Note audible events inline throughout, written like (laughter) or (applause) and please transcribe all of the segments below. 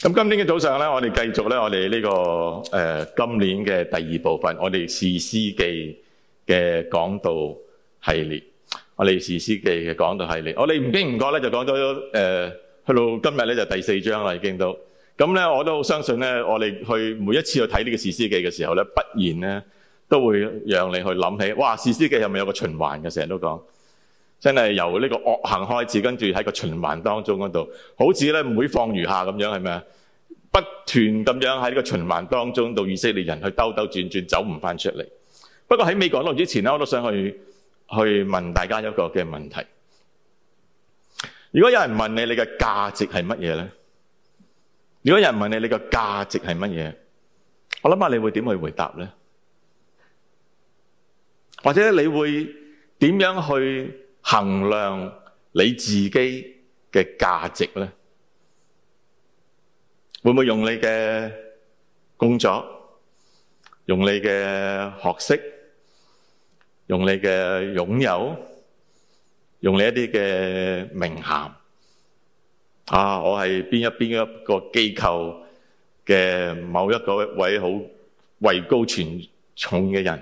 咁今天嘅早上咧，我哋繼續咧，我哋呢、這個誒、呃、今年嘅第二部分，我哋《士師記》嘅講道系列，我哋《士師記》嘅講道系列，我哋唔經唔覺咧就講咗誒去到今日咧就第四章啦，已經都咁咧，我都好相信咧，我哋去每一次去睇呢個《士師記》嘅時候咧，必然咧都會讓你去諗起，哇，《士師記》係咪有個循環嘅？成日都講，真係由呢個惡行開始，跟住喺個循環當中嗰度，好似咧每況愈下咁樣，係咪啊？不斷咁樣喺呢個循環當中到以色列人去兜兜轉轉，走唔返出嚟。不過喺美國落完之前我都想去去問大家一個嘅問題：如果有人問你你嘅價值係乜嘢呢？如果有人問你你嘅價值係乜嘢，我諗下你會點去回答呢？或者你會點樣去衡量你自己嘅價值呢？會唔會用你嘅工作，用你嘅學識，用你嘅擁有，用你一啲嘅名銜啊？我係邊一邊一個機構嘅某一個位好位高權重嘅人，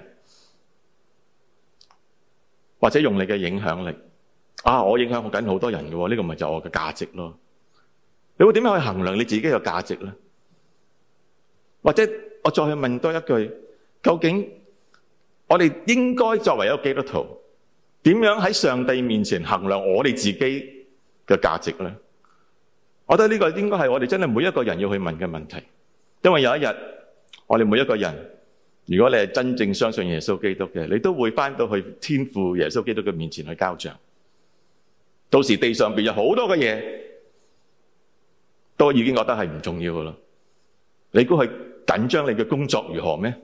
或者用你嘅影響力啊！我影響好緊好多人㗎喎，呢個咪就係我嘅價值囉。你會點樣去衡量你自己嘅價值呢？或者我再去問多一句，究竟我哋應該作為一個基督徒，點樣喺上帝面前衡量我哋自己嘅價值呢？我覺得呢個應該係我哋真係每一個人要去問嘅問題，因為有一日我哋每一個人，如果你係真正相信耶穌基督嘅，你都會翻到去天父耶穌基督嘅面前去交賬。到時地上面有好多嘅嘢，都已經覺得係唔重要嘅咯。你估佢緊張你嘅工作如何咩？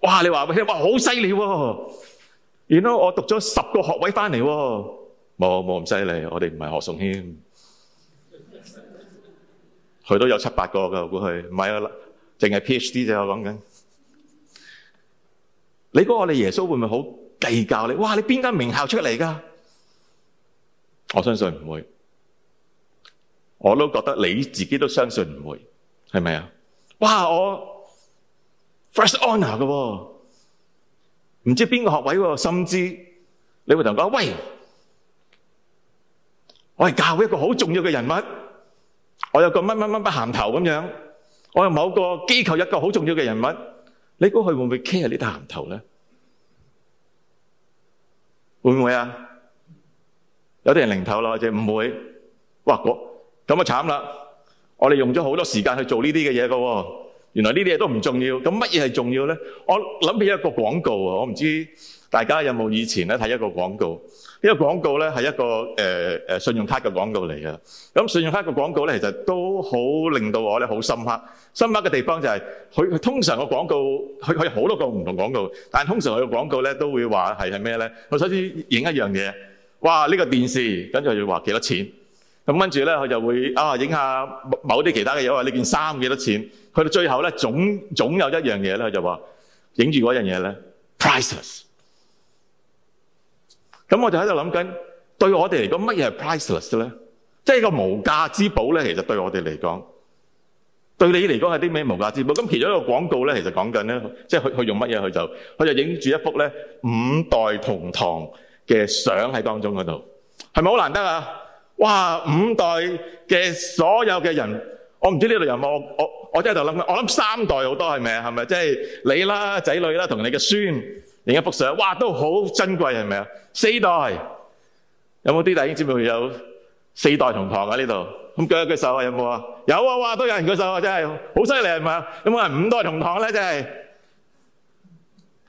哇！你話咩？哇！好犀利喎！原來我讀咗十個學位返嚟喎。冇冇咁犀利，我哋唔係學宋謙。佢都有七八個嘅估佢，唔係啊，淨係 PhD 啫。我講緊，你估我哋耶穌會唔會好計較你？哇！你邊間名校出嚟㗎？我相信唔會。我都覺得你自己都相信唔會，係咪啊？哇！我 first honour 嘅喎，唔知邊個學位喎，甚至你會同人講，喂，我係教會一個好重要嘅人物，我有個乜乜乜銜頭咁樣，我有某個機構一個好重要嘅人物，你估佢會唔會 care 呢個銜頭咧？會唔會啊？有啲人零頭啦，或者唔會。哇！我～咁啊慘啦！我哋用咗好多時間去做呢啲嘅嘢㗎喎，原來呢啲嘢都唔重要。咁乜嘢係重要呢？我諗起一個廣告啊，我唔知大家有冇以前咧睇一個廣告。呢、這個廣告呢係一個誒、呃、信用卡嘅廣告嚟㗎。咁信用卡嘅廣告呢，其實都好令到我咧好深刻。深刻嘅地方就係、是、佢通常個廣告，佢佢有好多個唔同廣告，但係通常佢嘅廣告呢，都會話係咩呢？我首先影一樣嘢，哇！呢、這個電視，跟住又話幾多錢？咁跟住咧，佢就會啊影下某啲其他嘅嘢。話呢件衫幾多錢？去到最後咧，總總有一樣嘢咧，佢就話影住嗰樣嘢咧，priceless。咁我就喺度諗緊，對我哋嚟講乜嘢係 priceless 咧？即係個無價之寶咧。其實對我哋嚟講，對你嚟講係啲咩無價之寶？咁其中一個廣告咧，其實講緊咧，即係佢佢用乜嘢？佢就佢就影住一幅咧五代同堂嘅相喺當中嗰度，係咪好難得啊？哇！五代嘅所有嘅人，我唔知呢度有冇，我我我真係度諗，我諗三代好多係咪？啊？係咪即係你啦、仔女啦、同你嘅孫，另一幅相，哇，都好珍貴係咪啊？四代有冇啲弟兄姊妹有四代同堂啊？呢度咁舉一舉手啊？有冇啊？有啊！哇，都有人舉手啊！真係好犀利係咪啊？有冇人五代同堂呢？真係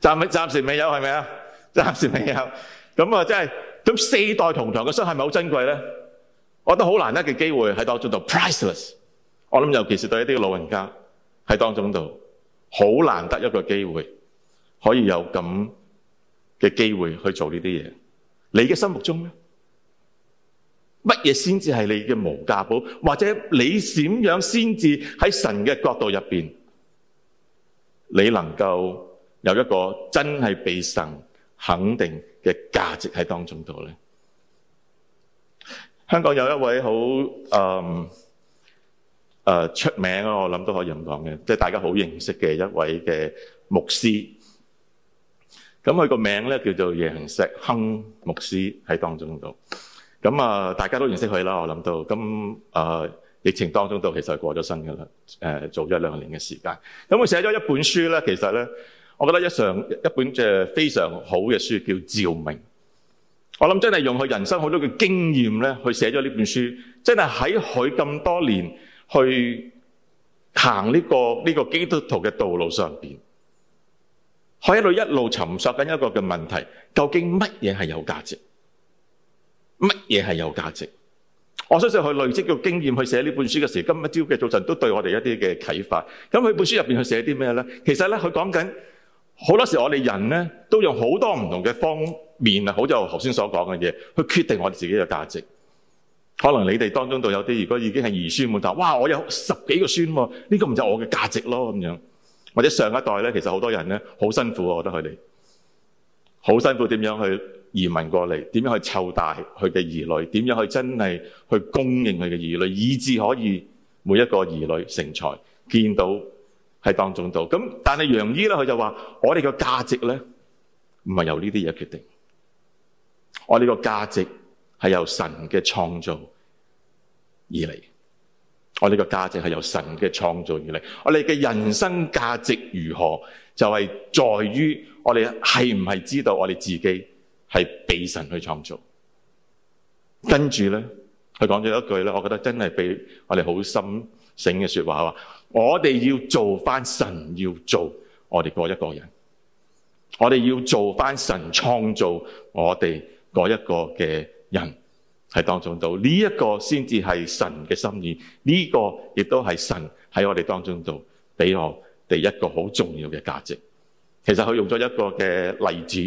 暫未，暫時未有係咪啊？暫時未有。咁啊，即係咁四代同堂嘅相係咪好珍貴呢？我覺得好難得嘅機會喺當中度，priceless。我諗尤其是對一啲老人家喺當中度，好難得一個機會，可以有咁嘅機會去做呢啲嘢。你嘅心目中咧，乜嘢先至係你嘅無價寶？或者你點樣先至喺神嘅角度入邊，你能夠有一個真係俾神肯定嘅價值喺當中度咧？香港有一位好誒誒出名咯，我諗都可以咁講嘅，即、就、係、是、大家好認識嘅一位嘅牧師。咁佢個名咧叫做楊錫鏘牧師喺當中度。咁啊、呃，大家都認識佢啦。我諗到咁，誒、呃、疫情當中度、呃，其實係過咗身嘅啦。誒做咗一兩年嘅時間，咁佢寫咗一本書咧，其實咧，我覺得一上一本嘅非常好嘅書叫《召命》。我諗真係用佢人生好多嘅經驗咧，去寫咗呢本書。真係喺佢咁多年去行呢、這個呢、這個基督徒嘅道路上面，佢一路一路尋索緊一個嘅問題：究竟乜嘢係有價值？乜嘢係有價值？我相信佢累積嘅經驗去寫呢本書嘅時候，今日朝嘅早晨都對我哋一啲嘅啟發。咁佢本書入面去寫啲咩呢？其實呢，佢講緊。好多時我哋人呢，都用好多唔同嘅方面啊，好似頭先所講嘅嘢，去決定我哋自己嘅價值。可能你哋當中都有啲，如果已經係兒孫滿堂，哇！我有十幾個孫，呢個唔就係我嘅價值咯咁樣。或者上一代呢，其實好多人呢，好辛苦，啊，我覺得佢哋好辛苦，點樣去移民過嚟，點樣去湊大佢嘅兒女，點樣去真係去供應佢嘅兒女，以至可以每一個兒女成才，見到。係當中度咁，但係楊醫咧，佢就話：我哋嘅價值咧，唔係由呢啲嘢決定。我哋個價值係由神嘅創造而嚟。我哋個價值係由神嘅創造而嚟。我哋嘅人生價值如何，就係在於我哋係唔係知道我哋自己係被神去創造。跟住咧，佢講咗一句咧，我覺得真係俾我哋好深。醒嘅說話話，我哋要做翻神要做我哋嗰一個人，我哋要做翻神創造我哋嗰一個嘅人，喺當中度呢一個先至係神嘅心意。呢、這個亦都係神喺我哋當中度俾我哋一個好重要嘅價值。其實佢用咗一個嘅例子，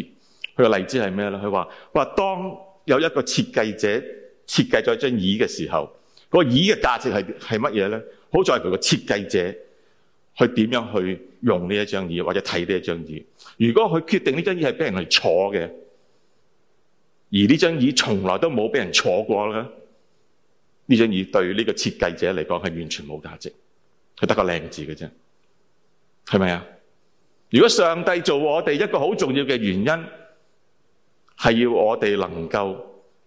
佢個例子係咩呢？佢話話當有一個設計者設計咗張椅嘅時候。個椅嘅價值係係乜嘢咧？呢，好在佢個設計者去點樣去用呢一張椅，或者睇呢一張椅。如果佢決定呢張椅係俾人去坐嘅，而呢張椅從來都冇俾人坐過啦，呢張椅對呢個設計者嚟講係完全冇價值，佢得個靚字嘅啫，係咪啊？如果上帝做我哋一個好重要嘅原因，係要我哋能夠，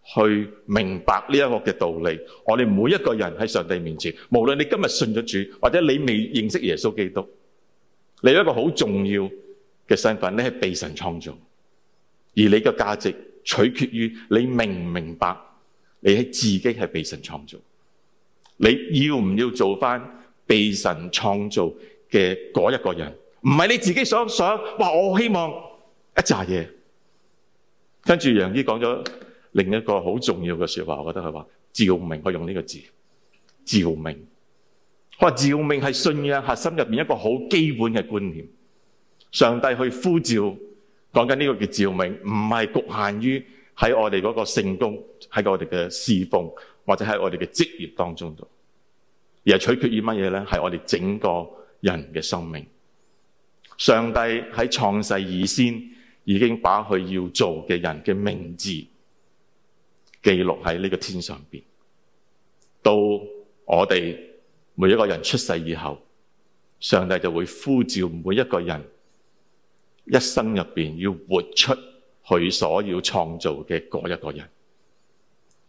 去明白呢一個嘅道理。我哋每一個人喺上帝面前，無論你今日信咗主，或者你未認識耶穌基督，你有一個好重要嘅身份，你係被神創造，而你嘅價值取決於你明唔明白，你係自己係被神創造。你要唔要做翻被神創造嘅嗰一個人？唔係你自己想想，哇！我希望一扎嘢，跟住楊姨講咗。另一個好重要嘅說話，我覺得佢話照明，佢用呢個字照明。佢話照明係信仰核心入邊一個好基本嘅觀念。上帝去呼召，講緊呢個叫照明，唔係局限於喺我哋嗰個聖工、喺我哋嘅侍奉，或者喺我哋嘅職業當中度，而係取決於乜嘢咧？係我哋整個人嘅生命。上帝喺創世以先已經把佢要做嘅人嘅名字，記錄喺呢個天上邊，到我哋每一個人出世以後，上帝就會呼召每一個人，一生入邊要活出佢所要創造嘅嗰一個人。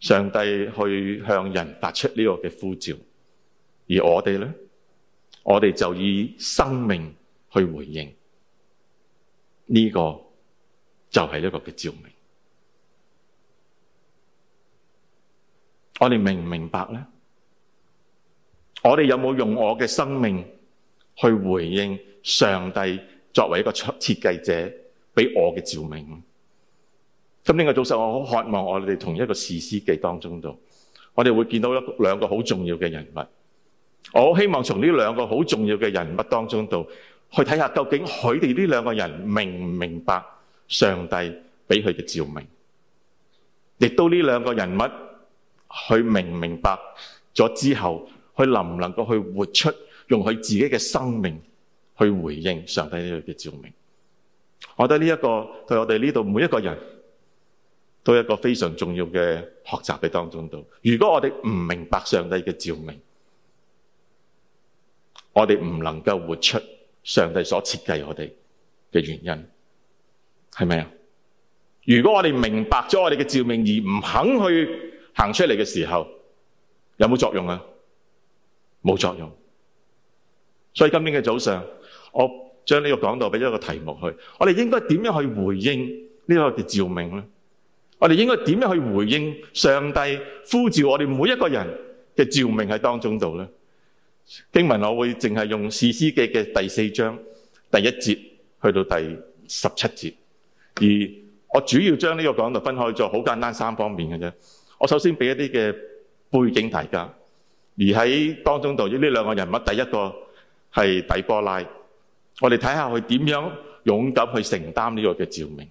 上帝去向人發出呢個嘅呼召，而我哋咧，我哋就以生命去回應，呢個就係一個嘅照明。我哋明唔明白呢？我哋有冇用我嘅生命去回應上帝作為一個設計者俾我嘅照明？今天嘅早上，我好渴望我哋同一個士師記當中度，我哋會見到兩個好重要嘅人物。我希望從呢兩個好重要嘅人物當中度，去睇下究竟佢哋呢兩個人明唔明白上帝俾佢嘅照明，亦都呢兩個人物，去明唔明白咗之後，佢能唔能夠去活出用佢自己嘅生命去回應上帝呢度嘅照明？我覺得呢一個對我哋呢度每一個人都一個非常重要嘅學習嘅當中度。如果我哋唔明白上帝嘅照明，我哋唔能夠活出上帝所設計我哋嘅原因，係咪啊？如果我哋明白咗我哋嘅照明而唔肯去。行出嚟嘅時候有冇作用啊？冇作用。所以今天嘅早上，我將呢個講道俾咗個題目去。我哋應該點樣去回應呢一個嘅召命咧？我哋應該點樣去回應上帝呼召我哋每一個人嘅召命喺當中度咧？經文我會淨係用《士師記》嘅第四章第一節去到第十七節，而我主要將呢個講道分開咗，好簡單三方面嘅啫。我首先俾一啲嘅背景大家，而喺當中度呢兩個人物，第一個係底波拉，我哋睇下佢點樣勇敢去承擔呢個嘅召命；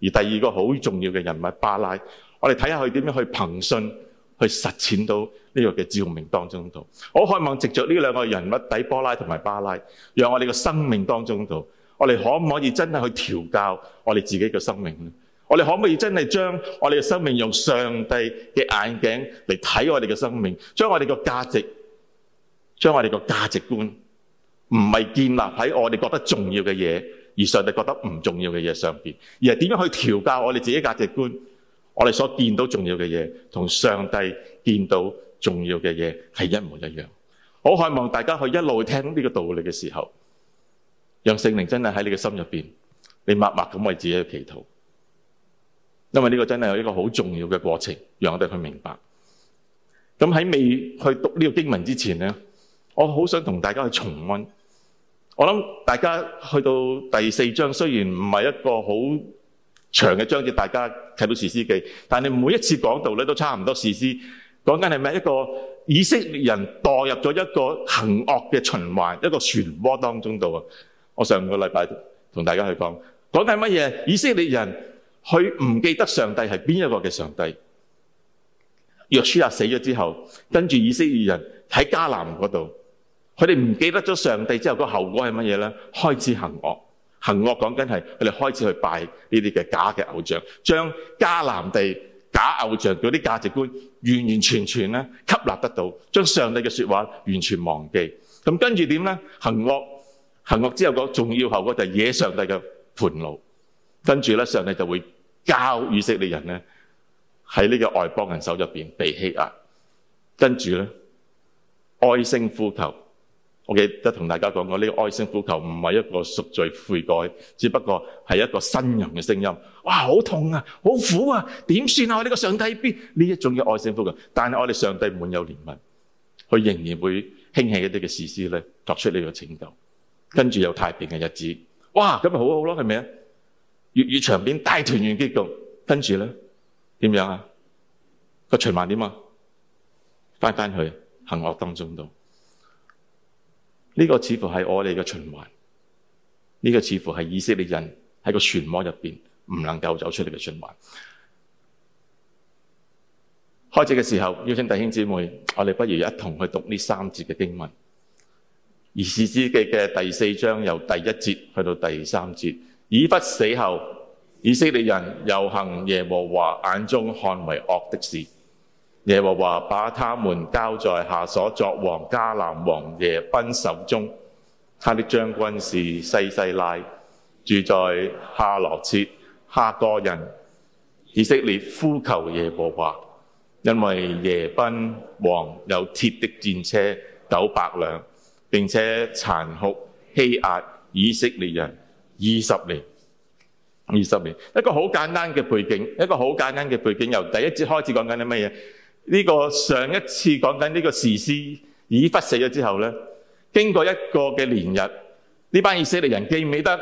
而第二個好重要嘅人物巴拉，我哋睇下佢點樣去憑信去實踐到呢個嘅召命當中度。我好希望藉着呢兩個人物底波拉同埋巴拉，讓我哋嘅生命當中度，我哋可唔可以真係去調教我哋自己嘅生命呢？我哋可唔可以真係將我哋嘅生命用上帝嘅眼鏡嚟睇我哋嘅生命？將我哋個價值，將我哋個價值觀，唔係建立喺我哋覺得重要嘅嘢，而上帝覺得唔重要嘅嘢上邊，而係點樣去調教我哋自己的價值觀？我哋所見到重要嘅嘢，同上帝見到重要嘅嘢係一模一樣。好希望大家去一路聽呢個道理嘅時候，讓聖靈真係喺你嘅心入邊，你默默咁為自己去祈禱。因為呢個真係有一個好重要嘅過程，讓我哋去明白。咁喺未去讀呢個經文之前呢，我好想同大家去重温。我諗大家去到第四章，雖然唔係一個好長嘅章，大家睇到士師記，但係你每一次講道咧都差唔多士師。講緊係咩？一個以色列人墮入咗一個行惡嘅循環，一個漩渦當中度啊！我上個禮拜同大家去講，講緊乜嘢？以色列人。佢唔記得上帝係邊一個嘅上帝。約書亞死咗之後，跟住以色列人喺迦南嗰度，佢哋唔記得咗上帝之後，個後果係乜嘢咧？開始行惡，行惡講緊係佢哋開始去拜呢啲嘅假嘅偶像，將迦南地假偶像嗰啲價值觀完完全全咧吸納得到，將上帝嘅說話完全忘記。咁跟住點咧？行惡，行惡之後個重要後果就係惹上帝嘅忿怒。跟住咧，上帝就會教以色列人咧喺呢個外邦人手入面被欺壓啊，跟住咧哀聲呼求，我記得同大家講過呢、這個哀聲呼求唔係一個贖罪悔改，只不過係一個呻吟嘅聲音。哇！好痛啊，好苦啊，點算啊？我、這、呢個上帝邊呢一種嘅哀聲呼求，但係我哋上帝滿有憐憫，佢仍然會興起一啲嘅士師咧，作出呢個拯救。跟住有太平嘅日子，哇！咁咪好好咯，係咪啊？粵語長片大團圓結局，跟住咧點樣啊？個循環點啊翻翻去行惡當中度呢、這個似乎係我哋嘅循環，呢、這個似乎係以色列人喺個漩渦入邊唔能夠走出嚟嘅循環。開始嘅時候邀請弟兄姊妹，我哋不如一同去讀呢三節嘅經文，《以斯帖記》嘅第四章由第一節去到第三節。以不死後，以色列人又行耶和華眼中看為惡的事。耶和華把他們交在下所作王迦南王耶賓手中，他的將軍是西西拉，住在哈羅切哈哥人。以色列呼求耶和華，因為耶賓王有鐵的戰車九百輛，並且殘酷欺壓以色列人。二十年，二十年，一個好簡單嘅背景，一個好簡單嘅背景。由第一節開始講緊啲乜嘢？呢、這個上一次講緊呢個士師以笏死咗之後咧，經過一個嘅年日，呢班以色列人記唔記得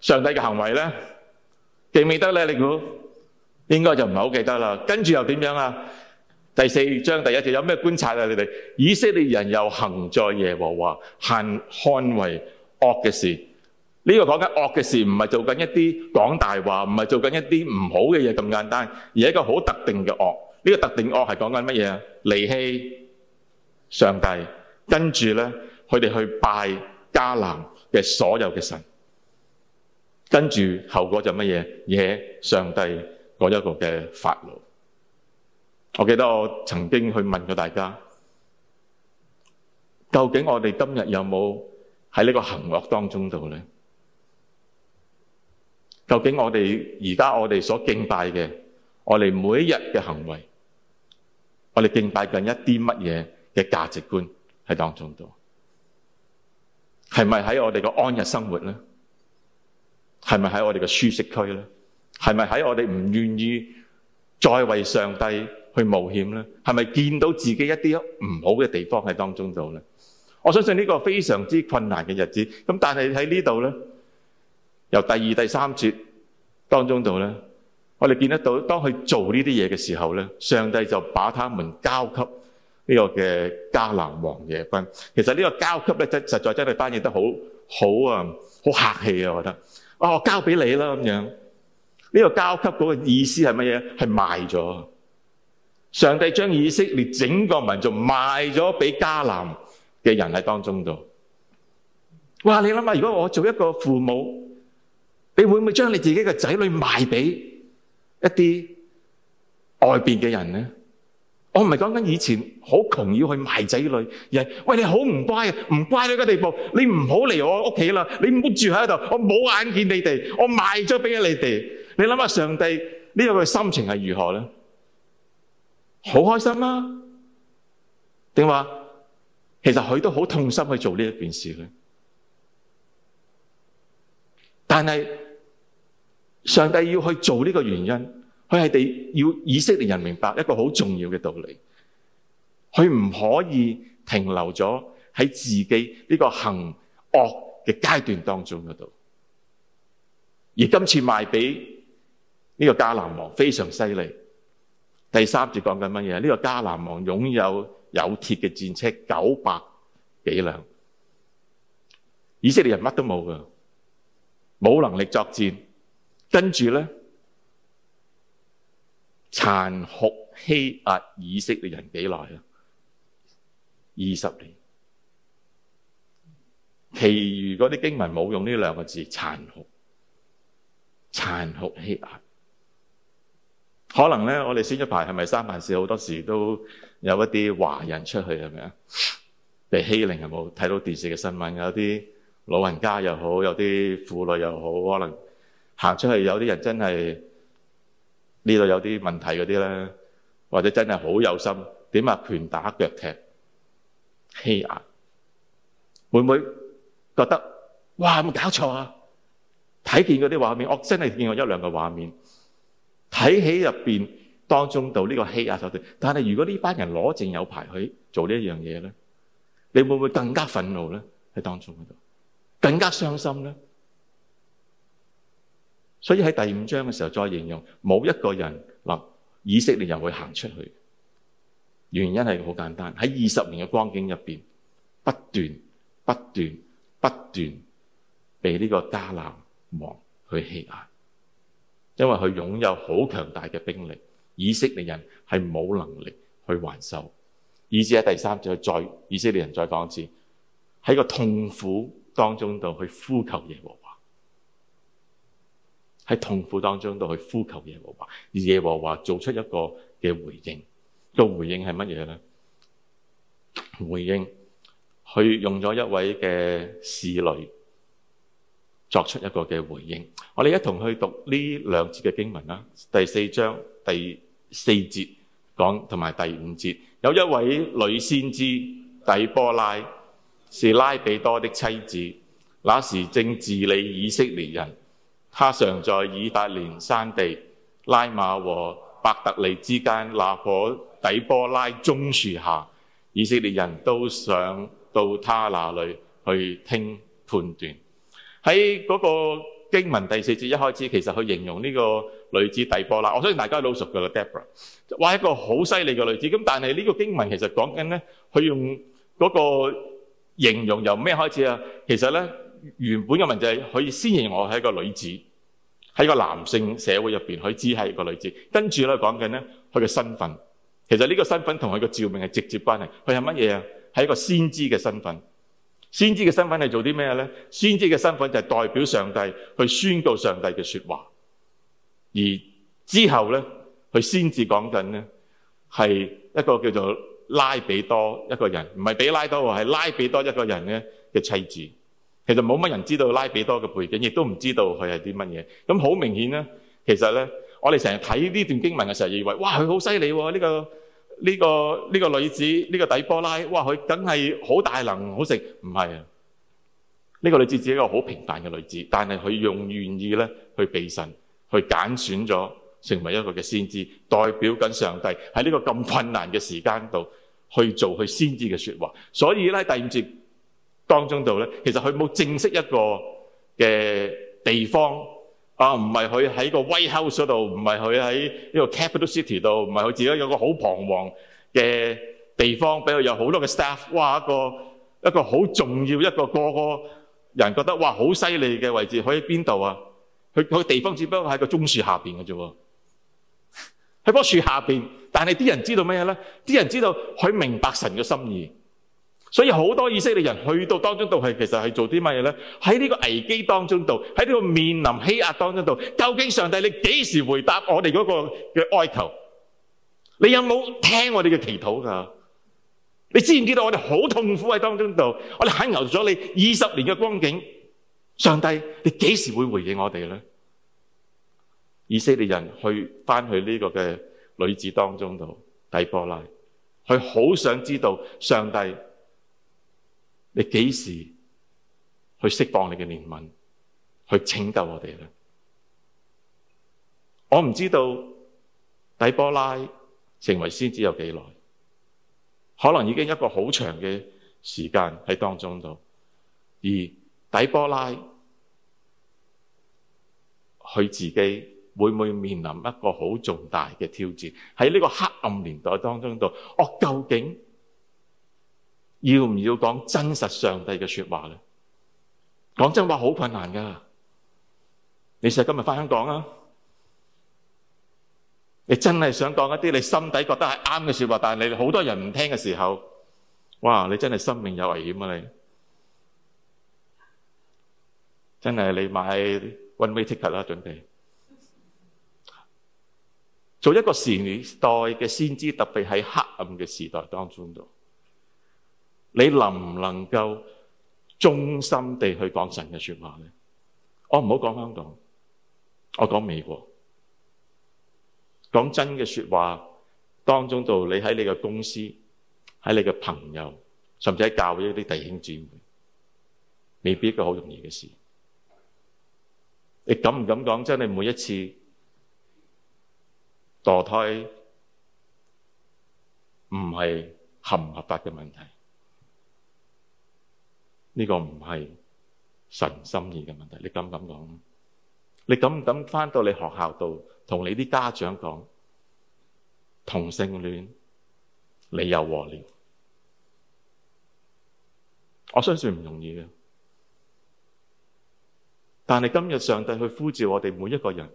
上帝嘅行為咧？記唔記得咧？你估應該就唔係好記得啦。跟住又點樣啊？第四章第一節有咩觀察啊？你哋以色列人又行在耶和華行看為惡嘅事。呢個講緊惡嘅事，唔係做緊一啲講大話，唔係做緊一啲唔好嘅嘢咁簡單，而係一個好特定嘅惡。呢個特定惡係講緊乜嘢啊？離棄上帝，跟住咧佢哋去拜迦南嘅所有嘅神，跟住後果就乜嘢？惹上帝嗰一個嘅法老。我記得我曾經去問過大家，究竟我哋今日有冇喺呢個行惡當中度咧？究竟我哋而家我哋所敬拜嘅，我哋每一日嘅行為，我哋敬拜緊一啲乜嘢嘅價值觀喺當中度？係咪喺我哋個安逸生活咧？係咪喺我哋個舒適區咧？係咪喺我哋唔願意再為上帝去冒險咧？係咪見到自己一啲唔好嘅地方喺當中度咧？我相信呢個非常之困難嘅日子，咁但係喺呢度咧。由第二，第三節，當中度呢，我哋見得到，當佢做呢啲嘢嘅時候呢，上帝就把他們交給呢個嘅迦南王耶軍。其實呢個交給呢，實在真係翻譯得好好啊，好客氣啊，我覺得。啊，我交俾你啦，咁樣。呢個交給嗰個意思係乜嘢？係賣咗。上帝將以色列整個民族賣咗俾迦南嘅人喺當中度。哇，你諗下，如果我做一個父母，你會唔會將你自己嘅仔女賣俾一啲外邊嘅人咧？我唔係講緊以前好窮要去賣仔女，而係喂，你好唔乖啊，唔乖到個地步，你唔好嚟我屋企啦，你唔好住喺度，我冇眼見你哋，我賣咗俾你哋。你諗下上帝呢個心情係如何咧？好開心啊？定話其實佢都好痛心去做呢一件事咧？但係。上帝要去做呢個原因，佢係地，要以色列人明白一個好重要嘅道理，佢唔可以停留咗喺自己呢個行惡嘅階段當中。而今次賣俾呢個迦南王非常犀利。第三節講緊乜嘢？呢、這個迦南王擁有有鐵嘅戰車九百幾輛，以色列人乜都冇㗎，冇能力作戰。跟住咧，殘酷欺壓以色列人幾耐啊？二十年。其餘嗰啲經文冇用呢兩個字，殘酷、殘酷欺壓。可能咧，我哋先一排係咪三藩市好多時都有一啲華人出去係咪啊？被欺凌係冇睇到電視嘅新聞，有啲老人家又好，有啲婦女又好，可能。行出去有啲人真係呢度有啲問題嗰啲咧，或者真係好有心，點啊拳打腳踢欺壓，會唔會覺得哇有冇搞錯啊？睇見嗰啲畫面，我真係見過一兩個畫面，睇起入邊當中到呢個欺壓手段。但係如果呢班人攞正有牌去做呢一樣嘢咧，你會唔會更加憤怒咧？喺當中嗰度更加傷心咧？所以喺第五章嘅時候再形容，冇一個人嗱，以色列人會行出去。原因係好簡單，喺二十年嘅光景入邊，不斷、不斷、不斷被呢個迦南王去欺壓，因為佢擁有好強大嘅兵力，以色列人係冇能力去還手。以至喺第三章再以色列人再講一次，喺個痛苦當中度去呼求耶和華。喺痛苦當中都去呼求耶和華，而耶和華做出一個嘅回應。個回應係乜嘢咧？回應去用咗一位嘅侍女作出一個嘅回應。我哋一同去讀呢兩節嘅經文啦。第四章第四節講同埋第五節，有一位女先知底波拉，是拉比多的妻子，那時正治理以色列人。他常在以法蓮山地拉馬和伯特利之間那棵底波拉棕樹下，以色列人都上到他那裏去聽判斷。喺嗰個經文第四節一開始，其實佢形容呢個女子底波拉，我相信大家都熟嘅啦 Deborah，話，一個好犀利嘅女子。咁但係呢個經文其實講緊咧，佢用嗰個形容由咩開始啊？其實咧原本嘅文字係可以先形容我係一個女子。喺個男性社會入邊，佢只係個女子。跟住咧講緊咧，佢嘅身份，其實呢個身份同佢嘅召命係直接關係。佢係乜嘢啊？係一個先知嘅身份。先知嘅身份係做啲咩咧？先知嘅身份就係代表上帝去宣告上帝嘅說話。而之後咧，佢先至講緊咧，係一個叫做拉比多一個人，唔係比拉多喎，係拉比多一個人咧嘅妻子。其實冇乜人知道拉比多嘅背景，亦都唔知道佢係啲乜嘢。咁好明顯咧，其實咧，我哋成日睇呢段經文嘅時候，以為哇，佢好犀利喎！呢個呢個呢個女子，呢個底波拉，哇，佢梗係好大能，好食唔係啊？呢個女子只係一個好平凡嘅女子，但係佢用願意咧去備神，去揀選咗成為一個嘅先知，代表緊上帝喺呢個咁困難嘅時間度去做佢先知嘅説話。所以咧，第五節。當中度咧，其實佢冇正式一個嘅地方啊，唔係佢喺個 White House 度，唔係佢喺呢個 Capital City 度，唔係佢自己有個好彷徨嘅地方，俾佢有好多嘅 staff。哇，一個一個好重要一個個個人覺得哇，好犀利嘅位置佢喺邊度啊？佢佢地方只不過喺個棕樹下邊嘅啫，喺棵樹下邊。但係啲人知道咩咧？啲人知道佢明白神嘅心意。所以好多以色列人去到當中度係，其實係做啲乜嘢咧？喺呢個危機當中度，喺呢個面臨欺壓當中度，究竟上帝你幾時回答我哋嗰個嘅哀求？你有冇聽我哋嘅祈禱噶？你知唔知道我哋好痛苦喺當中度？我哋懇求咗你二十年嘅光景，上帝你幾時會回應我哋咧？以色列人去翻去呢個嘅女子當中度，底波拉，佢好想知道上帝。你幾時去釋放你嘅憐憫，去拯救我哋咧？我唔知道底波拉成為先知有幾耐，可能已經一個好長嘅時間喺當中度。而底波拉佢自己會唔會面臨一個好重大嘅挑戰？喺呢個黑暗年代當中度，我究竟？要唔要講真實上帝嘅說話咧？講真話好困難噶。你成日今日翻香港啊？你真係想講一啲你心底覺得係啱嘅說話，但係你好多人唔聽嘅時候，哇！你真係生命有危險啊！你真係你買 one way ticket 啦，準備做一個時代嘅先知，特別喺黑暗嘅時代當中度。你能唔能夠忠心地去講神嘅說話咧？我唔好講香港，我講美國。講真嘅說話當中度，你喺你嘅公司、喺你嘅朋友，甚至喺教會一啲弟兄姊妹，未必一個好容易嘅事。你敢唔敢講？真係每一次墮胎唔係合唔合法嘅問題。呢個唔係神心意嘅問題，你敢唔敢講？你敢唔敢翻到你學校度同你啲家長講同性戀？你又和了？我相信唔容易嘅，但係今日上帝去呼召我哋每一個人，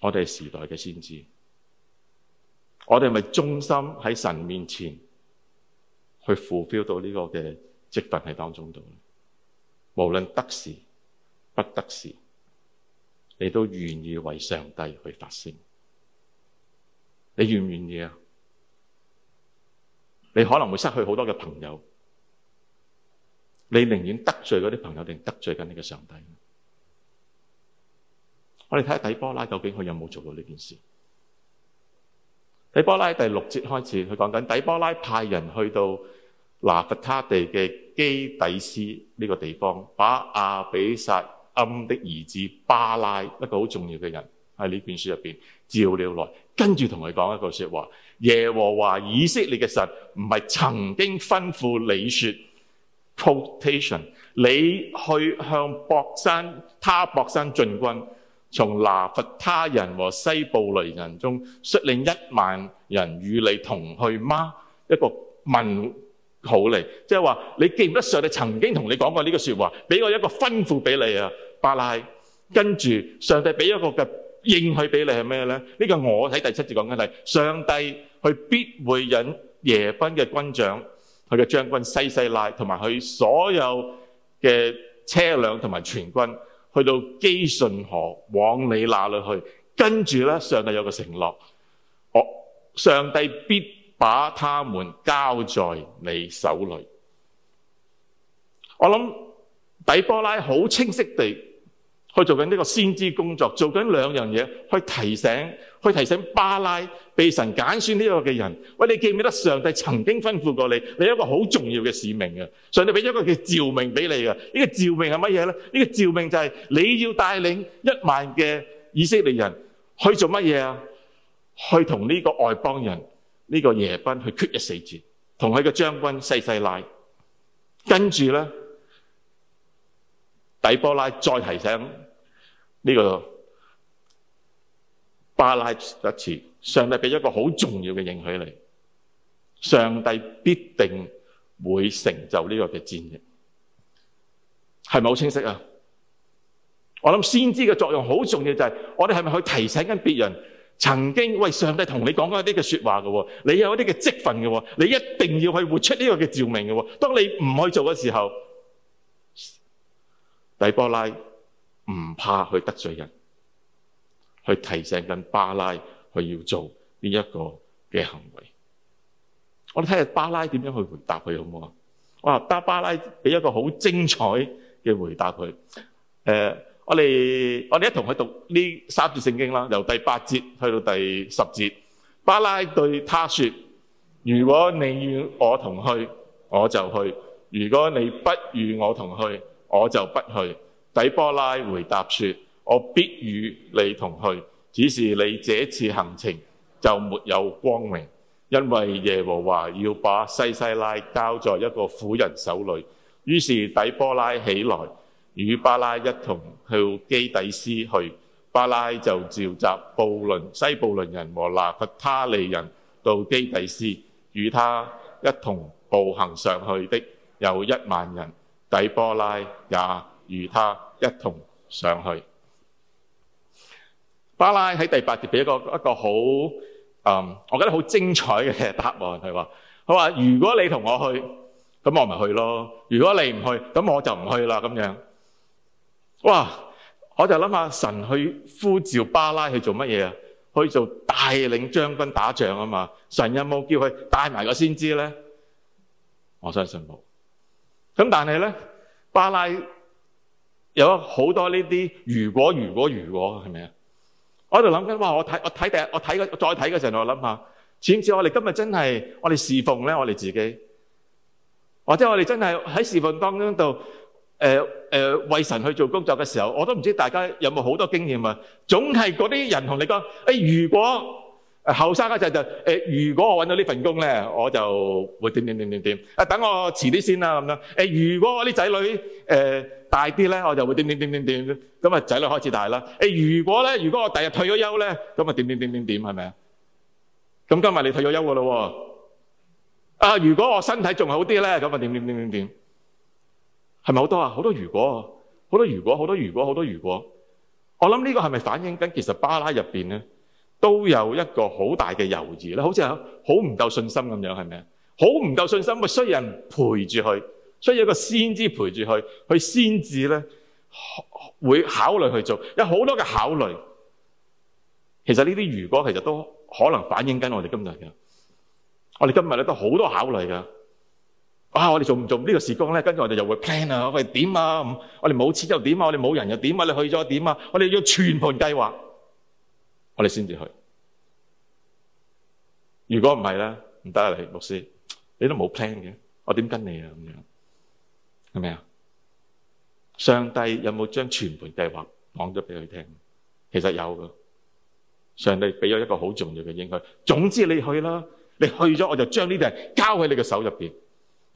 我哋係時代嘅先知，我哋係咪忠心喺神面前去付標到呢個嘅。積份喺當中度，無論得時，不得時，你都願意為上帝去發聲。你願唔願意啊？你可能會失去好多嘅朋友，你寧願得罪嗰啲朋友，定得罪緊你嘅上帝？我哋睇下底波拉究竟佢有冇做到呢件事？底波拉第六節開始，佢講緊底波拉派人去到。拿弗他地嘅基底斯呢個地方，把亞比薩暗的兒子巴拉一個好重要嘅人喺呢本書入面召了來，跟住同佢講一個說話。耶和華以色列嘅神唔係曾經吩咐你説：，quotation，你去向博山他博山進軍，從拿弗他人和西布雷人中率領一萬人與你同去嗎？一個問好嚟，即係話你記唔得上帝曾經同你講過呢個說話，俾我一個吩咐俾你啊，巴拉，跟住上帝俾一個嘅應許俾你係咩咧？呢、這個我喺第七節講緊係上帝佢必會引耶賓嘅軍長，佢嘅將軍西西拉同埋佢所有嘅車輛同埋全軍去到基順河往你那裏去。跟住咧，上帝有個承諾，我、哦、上帝必。把他們交在你手裏。我諗底波拉好清晰地去做緊呢個先知工作，做緊兩樣嘢去提醒，去提醒巴拉被神揀選呢個嘅人。喂，你記唔記得上帝曾經吩咐過你？你有一個好重要嘅使命啊！上帝俾咗一個叫召命俾你啊！呢個召命係乜嘢咧？呢個召命就係你要帶領一萬嘅以色列人去做乜嘢啊？去同呢個外邦人。呢、這個耶賓去決一死戰，同佢個將軍細細，細拉，跟住呢，底波拉再提醒呢、這個巴拉一次，上帝畀一個好重要嘅應許你，上帝必定會成就呢個嘅戰役，係咪好清晰啊？我諗先知嘅作用好重要，就是，就係我哋係咪去提醒緊別人？曾經喂上帝同你講過一啲嘅說話嘅喎，你有一啲嘅職份嘅喎，你一定要去活出呢個嘅召命嘅喎。當你唔去做嘅時候，底波拉唔怕去得罪人，去提醒緊巴拉去要做呢一個嘅行為。我哋睇下巴拉點樣去回答佢好唔好啊？哇！得巴拉俾一個好精彩嘅回答佢，誒、呃。我哋我哋一同去讀呢三節聖經啦，由第八節去到第十節。巴拉對他說：如果你與我同去，我就去；如果你不與我同去，我就不去。底波拉回答說：我必與你同去，只是你這次行程就沒有光明，因為耶和華要把西西拉交在一個婦人手裏。於是底波拉起來。與巴拉一同到基底斯去。巴拉就召集布倫西布倫人和拿弗他利人到基底斯，與他一同步行上去的有一萬人。底波拉也與他一同上去。巴拉喺第八節俾一個一個好啊、嗯，我覺得好精彩嘅答案係話：佢話如果你同我去，咁我咪去咯；如果你唔去，咁我就唔去啦。咁樣。哇！我就諗下神去呼召巴拉去做乜嘢啊？去做帶領將軍打仗啊嘛！神有冇叫佢帶埋個先知咧？我相信冇。咁但係咧，巴拉有好多呢啲如果如果如果係咪啊？我喺度諗緊，哇！我睇我睇第我睇我再睇嘅時候，我諗下，似唔似我哋今日真係我哋侍奉咧？我哋自己或者我哋真係喺侍奉當中度。誒、呃、誒、呃，為神去做工作嘅時候，我都唔知大家有冇好多經驗啊？總係嗰啲人同你講：誒、哎，如果後生嗰陣就誒、呃，如果我搵到呢份工咧，我就會點點點點點啊！等我遲啲先啦咁樣。誒、啊，如果我啲仔女誒、呃、大啲咧，我就會點點點點點咁啊！仔女開始大啦。誒、啊，如果咧，如果我第日退咗休咧，咁啊點點點點點係咪啊？咁今日你退咗休噶咯？啊，如果我身體仲好啲咧，咁啊點點點點點。係咪好多啊？好多如果，好多如果，好多如果，好多如果。我諗呢個係咪反映緊？其實巴拉入邊咧，都有一個好大嘅猶豫咧，好似好唔夠信心咁樣，係咪啊？好唔夠信心，咪需要人陪住佢，需要一個先知陪住佢，佢先至咧會考慮去做，有好多嘅考慮。其實呢啲如果，其實都可能反映緊我哋今日嘅，我哋今日咧，都好多考慮噶。啊！我哋做唔做呢個事工咧？跟住我哋又會 plan 啊！我哋點啊？我哋冇錢又點啊？我哋冇人又點啊？你去咗點啊？我哋要全盤計劃，我哋先至去。如果唔係咧，唔得啊！你牧師，你都冇 plan 嘅，我點跟你啊？咁樣係咪啊？上帝有冇將全盤計劃講咗俾佢聽？其實有㗎。上帝俾咗一個好重要嘅應許，總之你去啦，你去咗我就將呢啲交喺你嘅手入邊。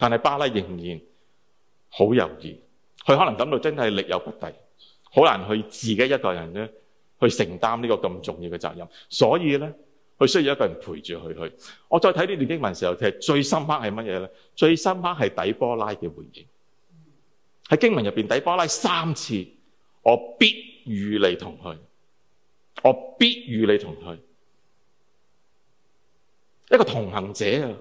但係巴拉仍然好猶豫，佢可能感到真係力有不逮，好難去自己一個人去承擔呢個咁重要嘅責任，所以呢，佢需要一個人陪住佢去。我再睇呢段經文嘅時候，其實最深刻係乜嘢呢？最深刻係底波拉嘅回應，喺經文入面，底波拉三次：我必與你同去，我必與你同去，一個同行者啊！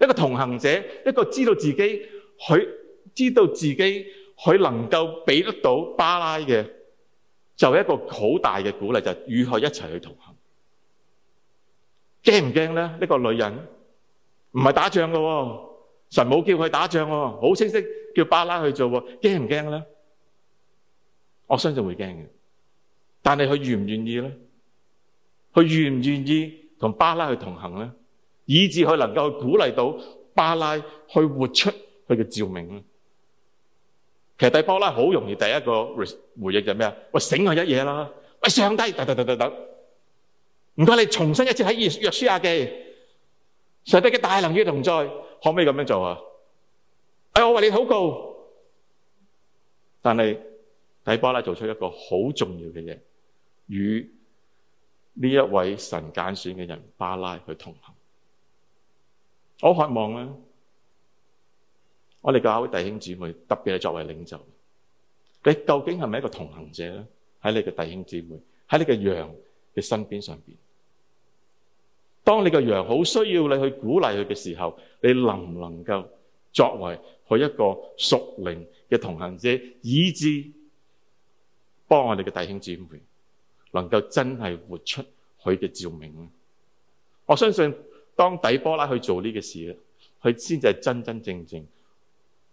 一個同行者，一個知道自己佢知道自己佢能夠俾得到巴拉嘅，就是、一個好大嘅鼓勵，就是、與佢一齊去同行。驚唔驚呢？一、這個女人唔係打仗嘅，神冇叫佢打仗，好清晰叫巴拉去做，驚唔驚呢？我相信會驚嘅，但係佢願唔願意呢？佢願唔願意同巴拉去同行呢？以致佢能夠去鼓勵到巴拉去活出佢嘅召命。其實底波拉好容易第一個回憶就係咩啊？我、哎、醒一下一嘢啦。喂，上帝，得得得得唔該你重新一次睇《約約書亞記》，上帝嘅大能與同在，可唔可以咁樣做啊？哎，我為你禱告，但係底波拉做出一個好重要嘅嘢，與呢一位神揀選嘅人巴拉去同行。我渴望咧，我哋嘅一位弟兄姊妹，特別係作為領袖，你究竟係咪一個同行者咧？喺你嘅弟兄姊妹，喺你嘅羊嘅身邊上邊，當你嘅羊好需要你去鼓勵佢嘅時候，你能唔能夠作為佢一個屬靈嘅同行者，以致幫我哋嘅弟兄姊妹能夠真係活出佢嘅照明咧？我相信。當底波拉去做呢個事，佢先至係真真正正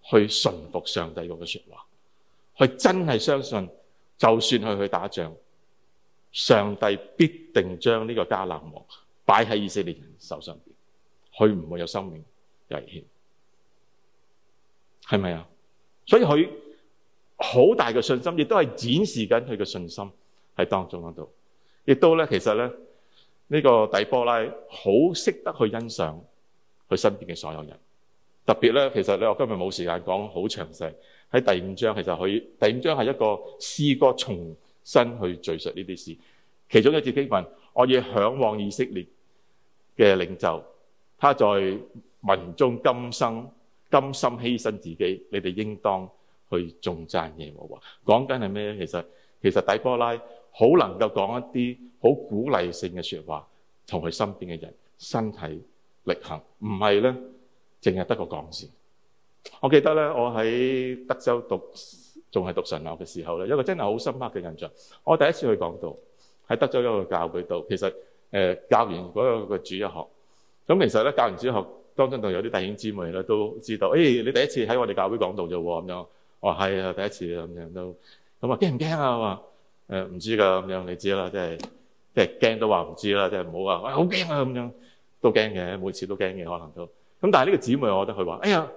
去順服上帝嗰個說話，佢真係相信，就算佢去打仗，上帝必定將呢個迦南王擺喺以色列人手上邊，佢唔會有生命危險，係咪啊？所以佢好大嘅信心，亦都係展示緊佢嘅信心喺當中嗰度，亦都咧，其實咧。呢、這個底波拉好識得去欣賞佢身邊嘅所有人，特別咧，其實咧，我今日冇時間講好詳細。喺第五章，其實佢第五章係一個詩歌，重新去敍述呢啲事。其中一節經文，我要嚮往以色列嘅領袖，他在民眾今生甘心犧牲自己，你哋應當去頌讚耶和華。講緊係咩咧？其實其實底波拉好能夠講一啲。好鼓勵性嘅說話，同佢身邊嘅人身體力行，唔係咧，淨係得個講字。我記得咧，我喺德州讀，仲係讀神學嘅時候咧，有個真係好深刻嘅印象。我第一次去講道，喺德州一個教會度。其實誒、呃，教完嗰個主日學，咁其實咧，教完主日學，當中就有啲弟兄姊妹咧都知道，誒、哎，你第一次喺我哋教會講道啫喎，咁樣話係啊，第一次咁樣都，咁啊驚唔驚啊？話誒唔知㗎，咁樣你知啦，即係。即係驚都話唔知啦，即係唔好話，我好驚啊咁樣，都驚嘅，每次都驚嘅，可能都。咁但係呢個姊妹，我覺得佢話：哎呀，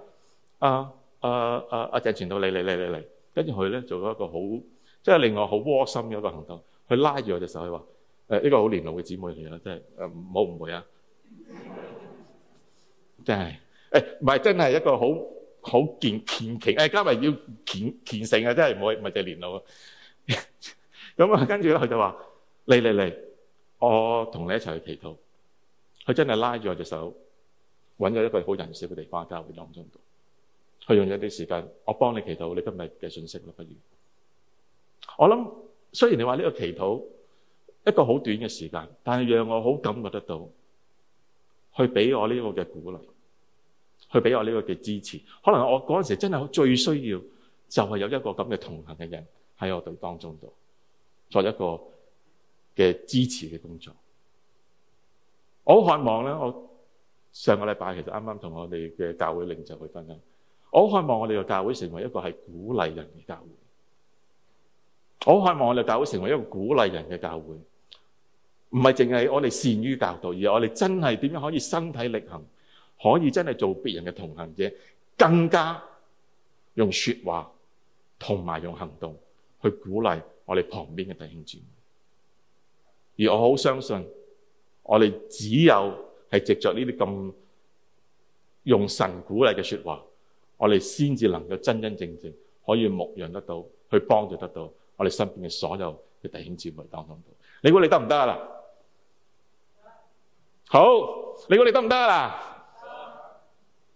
啊啊啊啊！阿鄭傳道你，你，你，你，跟住佢咧做咗一個好，即係令我好窩心嘅一個行動。佢拉住我隻手，佢話：誒、哎、呢、呢個好年老嘅姊妹嚟啦，真係唔好誤會啊！真係誒，唔、哎、係真係一個好好虔虔誠誒，加埋要虔虔誠嘅，真係唔會唔係就年老。咁、哎、啊，跟住咧佢就話。嚟嚟嚟，我同你一齊去祈禱。佢真係拉住我隻手，揾咗一個好人少嘅地方喺教會當中度。佢用咗啲時間，我幫你祈禱，你今日嘅信息咯。不如我諗，雖然你話呢個祈禱一個好短嘅時間，但係讓我好感覺得到，佢俾我呢個嘅鼓勵，佢俾我呢個嘅支持。可能我嗰陣時真係最需要就係、是、有一個咁嘅同行嘅人喺我哋當中度作為一個。嘅支持嘅工作，我好盼望咧。我上個禮拜其實啱啱同我哋嘅教會領袖去分享，我好盼望我哋嘅教會成為一個係鼓勵人嘅教會。我好盼望我哋教會成為一個鼓勵人嘅教會，唔係淨係我哋善於教導，而我哋真係點樣可以身體力行，可以真係做別人嘅同行者，更加用說話同埋用行動去鼓勵我哋旁邊嘅弟兄姊妹。而我好相信，我哋只有係藉著呢啲咁用神鼓勵嘅説話，我哋先至能夠真真正正可以牧養得到，去幫助得到我哋身邊嘅所有嘅弟兄姊妹當中。你估你得唔得啊？嗱，好，你估你得唔得啊？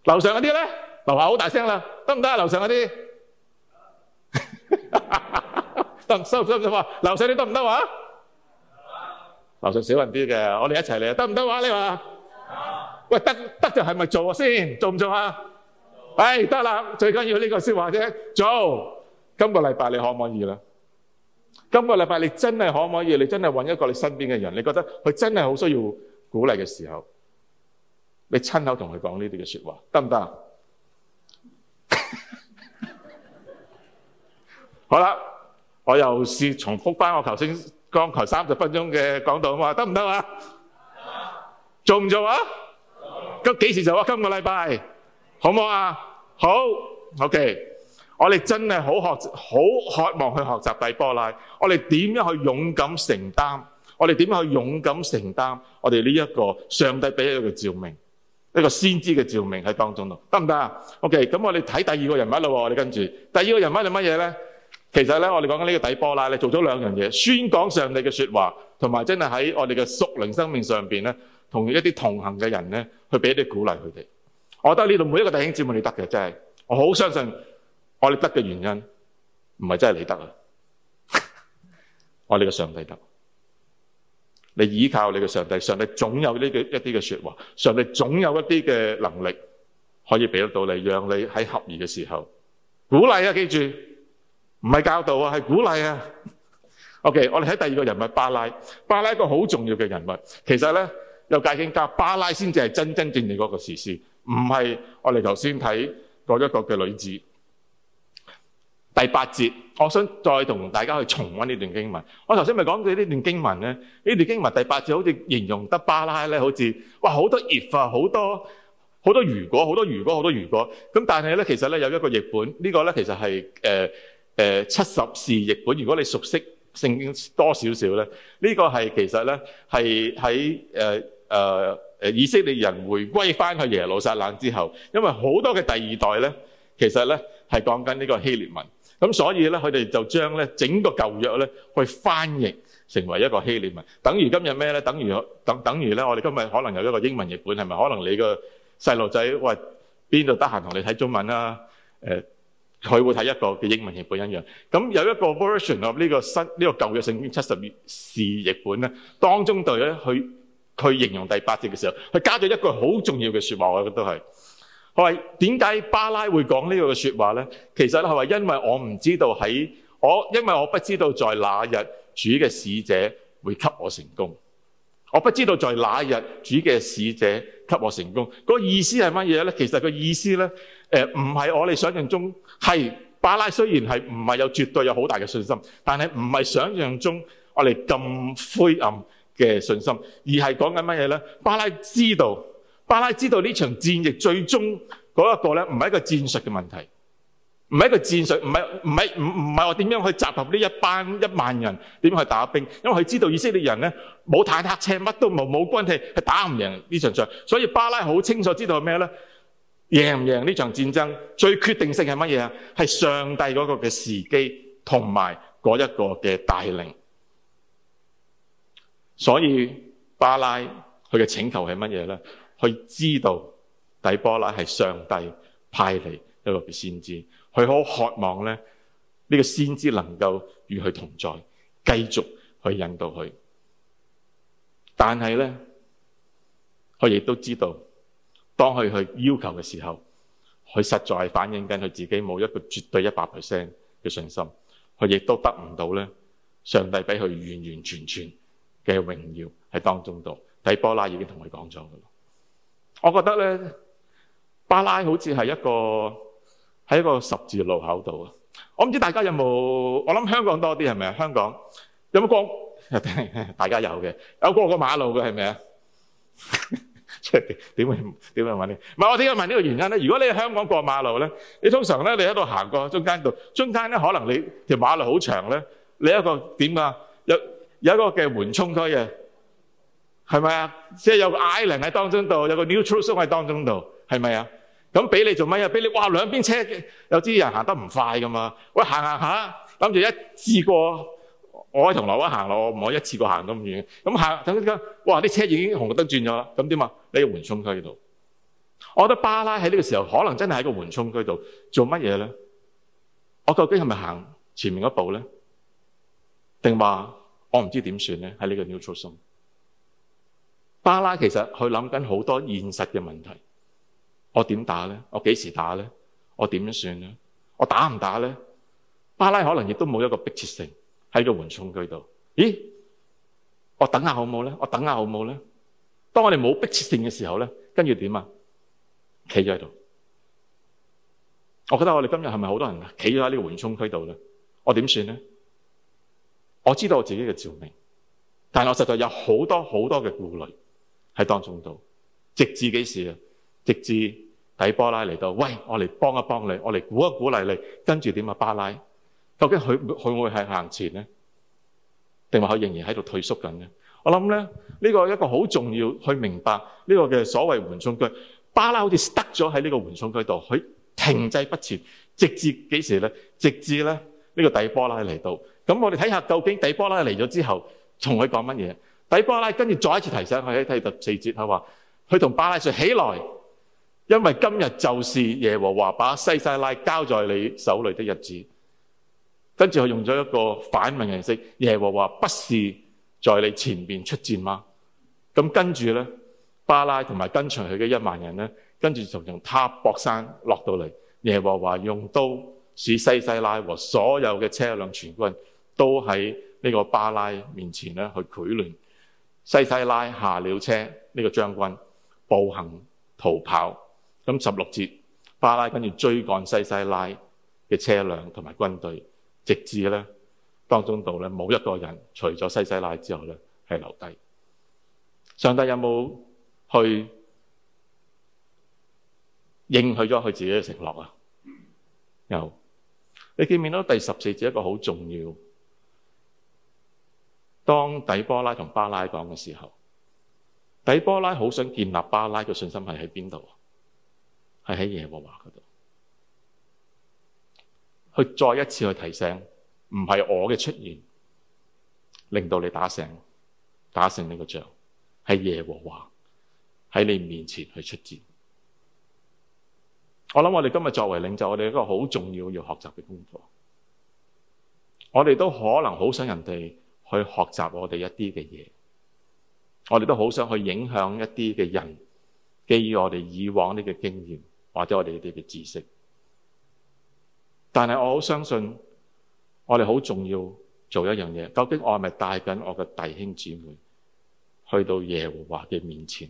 嗱，樓上嗰啲呢，樓下好大聲啦，得唔得啊？樓上嗰啲，哈哈哈哈哈，得，收收收話，樓上你得唔得啊？留上少人啲嘅，我哋一齊嚟，得唔得話？你話？喂，得得，就係咪做啊先？做唔做啊？誒、得、哎、啦，最緊要呢個先話啫。做，今個禮拜你可唔可以啦？今個禮拜你真係可唔可以？你真係搵一個你身邊嘅人，你覺得佢真係好需要鼓勵嘅時候，你親口同佢講呢啲嘅說話，得唔得啊？ (laughs) 好啦，我又試重複翻我頭先。剛才三十分鐘嘅講道，咁得唔得啊？做唔做啊？今幾時做啊？今個禮拜好唔好啊？好 OK，我哋真係好學好渴望去學習底波拉。我哋點樣去勇敢承擔？我哋點樣去勇敢承擔？我哋呢一個上帝俾一個照明，一個先知嘅照明喺當中度，得唔得啊？OK，咁我哋睇第二個人物啦喎，我哋跟住第二個人物係乜嘢呢？其實咧，我哋講緊呢個底波啦，你做咗兩樣嘢：宣講上帝嘅說話，同埋真係喺我哋嘅屬靈生命上面咧，同一啲同行嘅人咧，去俾啲鼓勵佢哋。我覺得呢度每一個弟兄姊妹你得嘅真係，我好相信我哋得嘅原因，唔係真係你得啊， (laughs) 我哋嘅上帝得。你依靠你嘅上帝，上帝總有呢嘅一啲嘅說話，上帝總有一啲嘅能力可以俾得到你，讓你喺合宜嘅時候鼓勵啊！記住。唔係教導啊，係鼓勵啊。OK，我哋睇第二個人物巴拉。巴拉一個好重要嘅人物，其實咧又界境教巴拉先至係真真正正嗰個士師，唔係我哋頭先睇咗一個嘅女子。第八節，我想再同大家去重溫呢段經文。我頭先咪講到呢段經文咧，呢段經文第八節好似形容得巴拉咧，好似哇好多 if 啊，好多好多如果，好多如果，好多如果咁。但係咧，其實咧有一個譯本，這個、呢個咧，其實係誒。呃誒七十士譯本，如果你熟悉聖經多少少咧，呢個係其實咧係喺誒誒誒以色列人回歸翻去耶路撒冷之後，因為好多嘅第二代咧，其實咧係講緊呢個希臘文，咁所以咧佢哋就將咧整個舊約咧去翻譯成為一個希臘文，等於今日咩咧？等於等等於咧，我哋今日可能有一個英文譯本係咪？可能你個細路仔喂邊度得閒同你睇中文啊？誒。佢會睇一個嘅英文譯本一樣，咁有一個 version 喺呢個新呢、呢個舊嘅聖經七十士譯本咧，當中對咧佢佢形容第八節嘅時候，佢加咗一句好重要嘅說話，我覺得係，佢話點解巴拉會講呢個嘅說話咧？其實係話因為我唔知道喺我因為我不知道在哪日主嘅使者會給我成功，我不知道在哪日主嘅使者給我成功。個意思係乜嘢咧？其實個意思咧，呃、唔係我哋想象中。係，巴拉雖然係，唔係有絕對有好大嘅信心，但係唔係想象中，我哋咁灰暗嘅信心。而係講緊乜嘢呢？巴拉知道，巴拉知道呢場戰役最終，嗰一個呢，唔係一個戰術嘅問題。唔係一個戰術，唔係，唔係，唔係我點樣去集合呢一班一萬人，點樣去打兵。因為佢知道以色列人呢，冇坦克車乜都，冇軍器，係打唔贏呢場仗。所以巴拉好清楚知道係咩呢？贏唔贏呢場戰爭，最決定性係乜嘢啊？係上帝嗰個嘅時機，同埋嗰一個嘅帶領。所以巴拉，佢嘅請求係乜嘢呢？佢知道底波拉係上帝派嚟一個先知，佢好渴望呢，呢個先知能夠與佢同在，繼續去引導佢。但係呢，佢亦都知道。當佢去要求嘅時候，佢實在係反映緊佢自己冇一個絕對一百 percent 嘅信心，佢亦都得唔到咧。上帝俾佢完完全全嘅榮耀喺當中度。底波拉已經同佢講咗噶咯。我覺得咧，巴拉好似係一個喺一個十字路口度啊。我唔知大家有冇，我諗香港多啲係咪啊？香港有冇過？ (laughs) 大家有嘅，有過個馬路嘅係咪啊？ (laughs) 點樣點樣搵咧？唔係我點解問呢個原因咧？如果你喺香港過馬路咧，你通常咧你喺度行過中間度，中間咧可能你條馬路好長咧，你一個點啊有有一個嘅緩衝區啊係咪啊？即係有個 island 喺當中度，有個 neutral zone 喺當中度，係咪啊？咁俾你做乜嘢？俾你哇兩邊車有啲人行得唔快噶嘛？喂，行行下諗住一次過。我喺銅鑼灣行路，我唔可以一次過行咁遠。咁行等陣間，哇！啲車已經紅綠燈轉咗啦。咁點啊？你喺個緩衝區度，我覺得巴拉喺呢個時候可能真係喺個緩衝區度做乜嘢咧？我究竟係咪行前面一步咧？定話我唔知點算咧？喺呢個 neutral zone。巴拉其實佢諗緊好多現實嘅問題。我點打咧？我幾時打咧？我點樣算咧？我打唔打咧？巴拉可能亦都冇一個迫切性。喺個緩衝區度，咦？我等下好唔好咧？我等下好唔好咧？當我哋冇逼切性嘅時候咧，跟住點啊？企咗喺度，我覺得我哋今日係咪好多人企咗喺呢個緩衝區度咧？我點算咧？我知道我自己嘅照明，但我實在有好多好多嘅顧慮喺當中度，直至幾時啊？直至底波拉嚟到，喂，我嚟幫一幫你，我嚟鼓一鼓勵你，跟住點啊？巴拉。究竟佢佢會係行前咧，定話佢仍然喺度退縮緊咧？我諗咧呢個一個好重要去明白呢個嘅所謂緩衝區，巴拉好似 stuck 咗喺呢個緩衝區度，佢停滯不前，直至幾時咧？直至咧呢個底波拉嚟到。咁我哋睇下究竟底波拉嚟咗之後，同佢講乜嘢？底波拉跟住再一次提醒佢，睇第四節佢話：佢同巴拉説起來：你起來，因為今日就是耶和華把西西拉交在你手裏的日子。跟住佢用咗一個反問形式，耶和華不是在你前面出戰嗎？咁跟住呢，巴拉同埋跟隨佢嘅一萬人呢，跟住就從塔博山落到嚟。耶和華用刀使西西拉和所有嘅車輛全軍都喺呢個巴拉面前呢去潰亂。西西拉下了車，呢個將軍步行逃跑。咁十六節，巴拉跟住追趕西西拉嘅車輛同埋軍隊。直至咧當中度咧，冇一個人除咗西西拉之後咧，係留低。上帝有冇去應許咗佢自己嘅承諾啊？有。你見唔見到第十四節一個好重要？當底波拉同巴拉講嘅時候，底波拉好想建立巴拉嘅信心係喺邊度？係喺耶和華嗰度。去再一次去提醒，唔係我嘅出現令到你打勝，打勝呢個仗，係耶和華喺你面前去出戰。我諗我哋今日作為領袖，我哋一個好重要要學習嘅功課。我哋都可能好想人哋去學習我哋一啲嘅嘢，我哋都好想去影響一啲嘅人，基於我哋以往呢個經驗或者我哋呢啲嘅知識。但係，我好相信我哋好重要做一樣嘢，究竟我係咪帶緊我嘅弟兄姊妹去到耶和華嘅面前？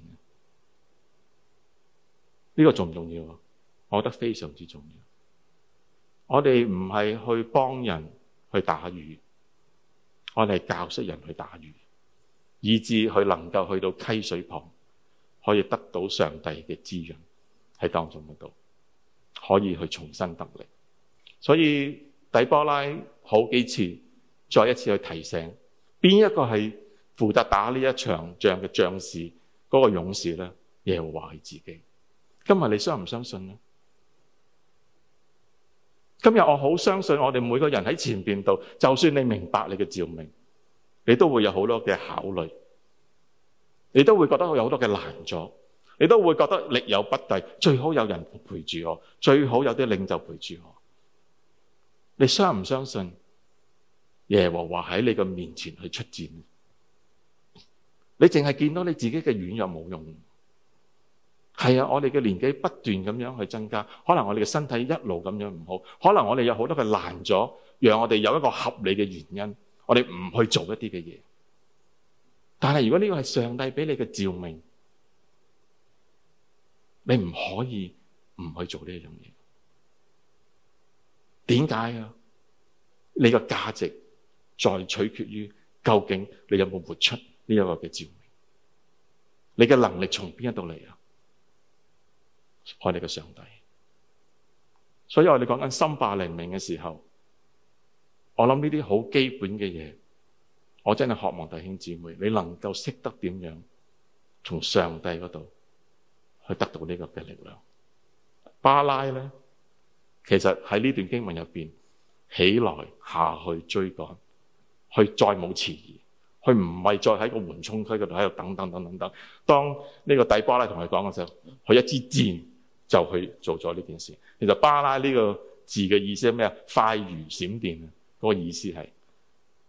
呢個重唔重要？我覺得非常之重要。我哋唔係去幫人去打魚，我哋係教識人去打魚，以至佢能夠去到溪水旁，可以得到上帝嘅滋潤喺當中嗰度，可以去重新得力。所以底波拉好幾次再一次去提醒邊一個係負責打呢一場仗嘅將士嗰個勇士咧，亦會懷疑自己。今日你相唔相信咧？今日我好相信，我哋每個人喺前邊度，就算你明白你嘅召命，你都會有好多嘅考慮，你都會覺得會有好多嘅攔阻，你都會覺得力有不逮，最好有人陪住我，最好有啲領袖陪住我。你相唔相信耶和華喺你嘅面前去出戰？你淨係見到你自己嘅軟弱冇用，係啊！我哋嘅年紀不斷咁樣去增加，可能我哋嘅身體一路咁樣唔好，可能我哋有好多嘅攔阻，讓我哋有一個合理嘅原因，我哋唔去做一啲嘅嘢。但係如果呢個係上帝俾你嘅召命，你唔可以唔去做呢一種嘢。點解啊？你個價值在取決於，究竟你有冇活出呢一個嘅照明？你嘅能力從邊一度嚟啊？愛你嘅上帝。所以我哋講緊心霸凌明嘅時候，我諗呢啲好基本嘅嘢，我真係渴望弟兄姊妹，你能夠識得點樣從上帝嗰度去得到呢個嘅力量。巴拉咧？其實喺呢段經文入邊，起來下去追趕，佢再冇遲疑，佢唔係再喺個緩衝區嗰度喺度等等等等等。當呢個底巴拉同佢講嘅時候，佢一支箭就去做咗呢件事。其實巴拉呢個字嘅意思係咩啊？快如閃電啊！嗰個意思係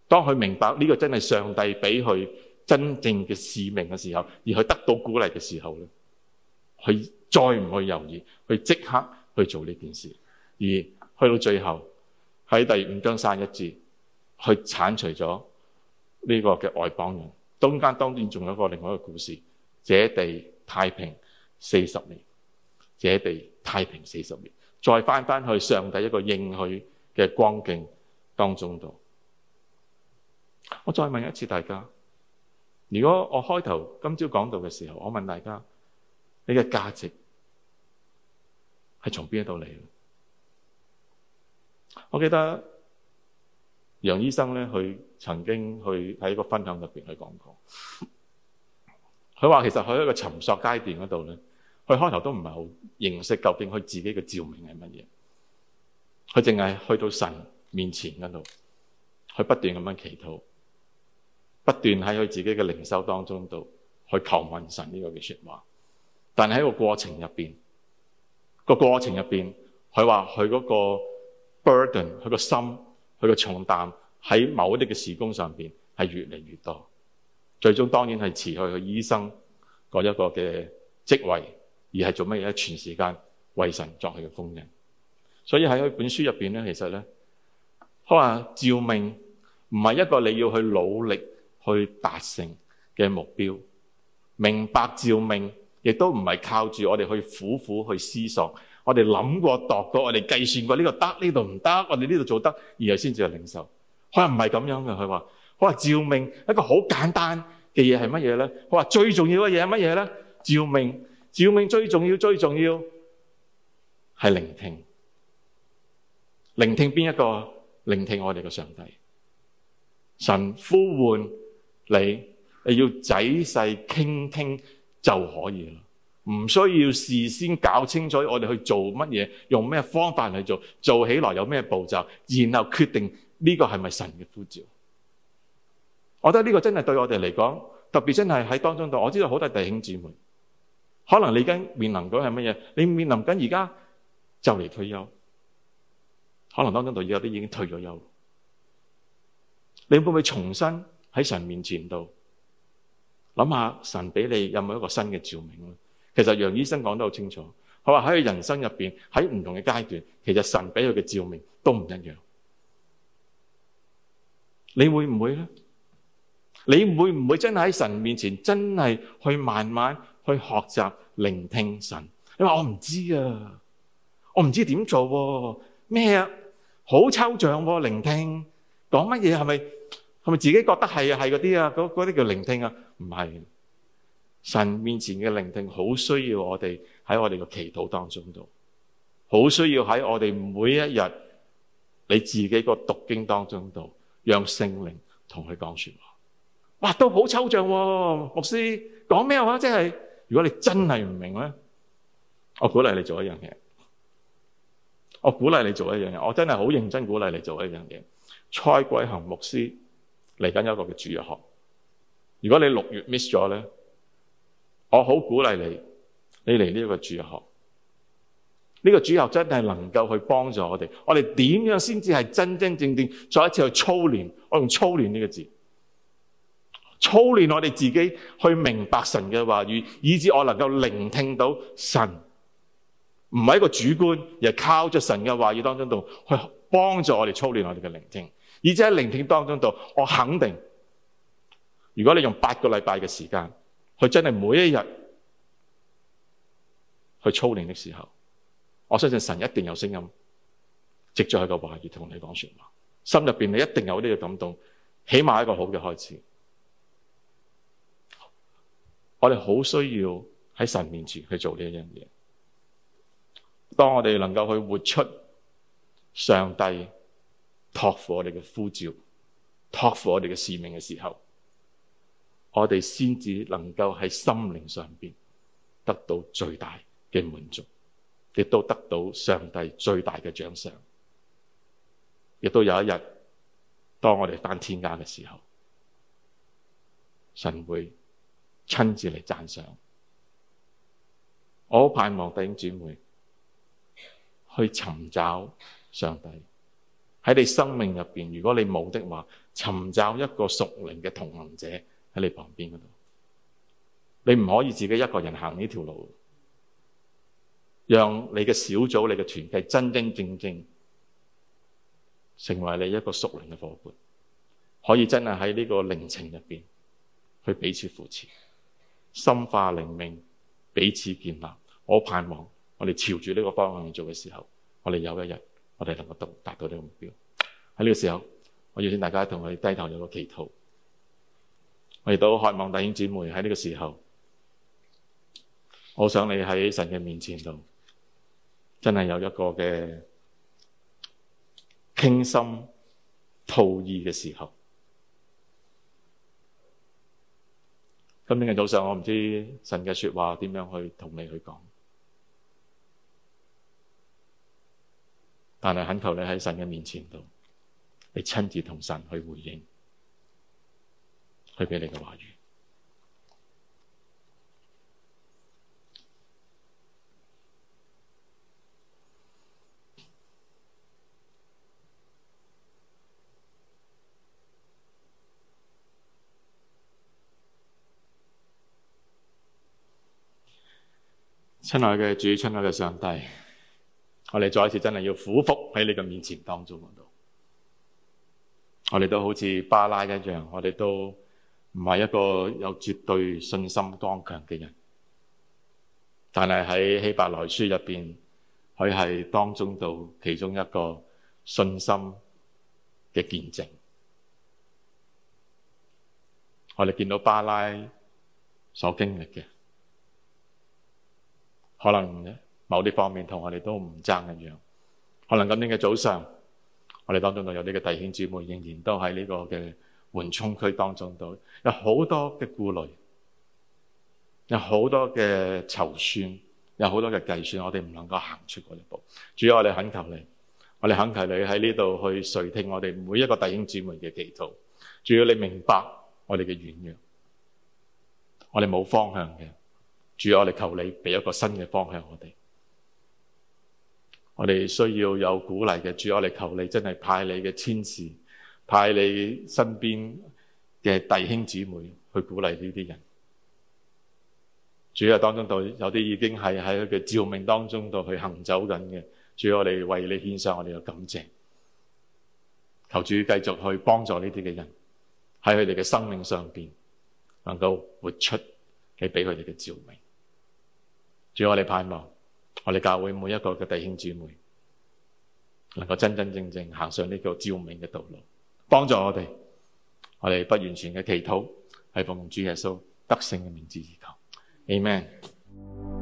當佢明白呢個真係上帝俾佢真正嘅使命嘅時候，而佢得到鼓勵嘅時候咧，佢再唔去猶豫，佢即刻去做呢件事。而去到最後，喺第五章三一節，去剷除咗呢個嘅外邦人。中間當然仲有一個另外一個故事，這地太平四十年，這地太平四十年。再翻翻去上帝一個應許嘅光景當中度。我再問一次大家，如果我開頭今朝講到嘅時候，我問大家你嘅價值係從邊度嚟？我記得楊醫生咧，佢曾經去喺一個分享入邊去講過。佢話其實佢喺一個尋索階段嗰度咧，佢開頭都唔係好認識究竟佢自己嘅照明係乜嘢。佢淨係去到神面前嗰度，去不斷咁樣祈禱，不斷喺佢自己嘅靈修當中度去求問神呢個嘅説話。但係喺個過程入邊，個過程入邊，佢話佢嗰個 burden 佢個心佢個重擔喺某啲嘅時空上面係越嚟越多，最終當然係辭去佢醫生嗰一個嘅職位，而係做乜嘢咧？全時間為神作佢嘅工人。所以喺佢本書入面咧，其實咧，佢話召命唔係一個你要去努力去達成嘅目標，明白召命亦都唔係靠住我哋去苦苦去思索。我哋諗過度過，我哋計算過呢個得，呢度唔得，我哋呢度做得，然後先至係領袖。佢唔係咁樣嘅，佢話佢話照命，一個好簡單嘅嘢係乜嘢咧？佢話最重要嘅嘢係乜嘢咧？照命，照命最重要最重要係聆聽，聆聽邊一個聆聽我哋嘅上帝，神呼喚你，你要仔細傾聽就可以啦。唔需要事先搞清楚，我哋去做乜嘢，用咩方法去做，做起來有咩步驟，然後決定呢個係咪神嘅呼召？我覺得呢個真係對我哋嚟講，特別真係喺當中度。我知道好多弟兄姊妹可能你已經面臨到係乜嘢，你面臨緊而家就嚟退休，可能當中度有啲已經退咗休，你會唔會重新喺神面前度諗下神俾你有冇一個新嘅照明咧？其實楊醫生講得好清楚，佢話喺佢人生入邊，喺唔同嘅階段，其實神俾佢嘅照面都唔一樣。你會唔會咧？你會唔會真係喺神面前真係去慢慢去學習聆聽神？你話我唔知啊，我唔知點做，咩啊？好抽象，聆聽講乜嘢？係咪係咪自己覺得係啊係嗰啲啊？嗰嗰啲叫聆聽啊？唔係。神面前嘅聆聽好需要，我哋喺我哋嘅祈禱當中度好需要，喺我哋每一日你自己個讀經當中度，讓聖靈同佢講說話。哇，都好抽象，哦，牧師講咩話？即係如果你真係唔明咧，我鼓勵你做一樣嘢。我鼓勵你做一樣嘢，我真係好認真鼓勵你做一樣嘢。蔡桂恒牧師嚟緊一個嘅主日學，如果你六月 miss 咗咧，我好鼓勵你，你嚟呢個主學，呢、呢個主學真係能夠去幫助我哋。我哋點樣先至係真真正正再一次去操練？我用操練呢個字，操練我哋自己去明白神嘅話語，以至我能夠聆聽到神。唔係一個主觀，而係靠着神嘅話語當中度去幫助我哋操練我哋嘅聆聽，以至喺聆聽當中度，我肯定，如果你用八個禮拜嘅時間。佢真係每一日去操練的時候，我相信神一定有聲音，藉住佢嘅話語同你講說話。心入邊你一定有呢個感動，起碼一個好嘅開始。我哋好需要喺神面前去做呢一樣嘢。當我哋能夠去活出上帝託付我哋嘅呼召，托付我哋嘅使命嘅時候。我哋先至能夠喺心靈上邊得到最大嘅滿足，亦都得到上帝最大嘅獎賞，亦都有一日當我哋翻天家嘅時候，神會親自嚟讚賞。我好盼望弟兄姊妹去尋找上帝喺你生命入邊，如果你冇的話，尋找一個屬靈嘅同行者。喺你旁邊嗰度，你唔可以自己一個人行呢條路，讓你嘅小組、你嘅團契真真正正成為你一個屬靈嘅夥伴，可以真係喺呢個靈情入邊去彼此扶持、深化靈命、彼此建立。我盼望我哋朝住呢個方向做嘅時候，我哋有一日我哋能夠達達到呢個目標。喺呢個時候，我要請大家同我低頭有個祈禱。嚟到渴望弟兄姊妹喺呢個時候，我想你喺神嘅面前度，真係有一個嘅傾心吐意嘅時候。今日嘅早上，我唔知神嘅說話點樣去同你去講，但係懇求你喺神嘅面前度，你親自同神去回應。佢俾你嘅話語，親愛嘅主，親愛嘅上帝，我哋再一次真係要俯伏喺你嘅面前當中度，我哋都，都好似巴拉一樣，我哋都。唔係一個有絕對信心剛強嘅人，但係喺希伯來書入邊，佢係當中到其中一個信心嘅見證。我哋見到巴拉所經歷嘅，可能某啲方面同我哋都唔爭一樣。可能今天嘅早上，我哋當中都有呢個弟兄姊妹仍然都喺呢個嘅。緩衝區當中都有好多嘅顧慮，有好多嘅籌算，有好多嘅計算，我哋唔能夠行出嗰一步。主，我哋懇求你，我哋懇求你喺呢度去垂聽我哋每一個弟兄姊妹嘅祈禱。主，你明白我哋嘅軟弱，我哋冇方向嘅。主，我哋求你俾一個新嘅方向我哋。我哋需要有鼓勵嘅。主，我哋求你真係派你嘅天使。派你身邊嘅弟兄姊妹去鼓勵呢啲人。主啊，當中到有啲已經係喺佢嘅召命當中度去行走緊嘅。主，我哋為你獻上我哋嘅感謝，求主繼續去幫助呢啲嘅人喺佢哋嘅生命上面能夠活出你俾佢哋嘅召命。主，我哋盼望我哋教會每一個嘅弟兄姊妹能夠真真正正行上呢個召命嘅道路。幫助我哋，我哋不完全嘅祈禱，係奉主耶穌得勝嘅名字而求，Amen。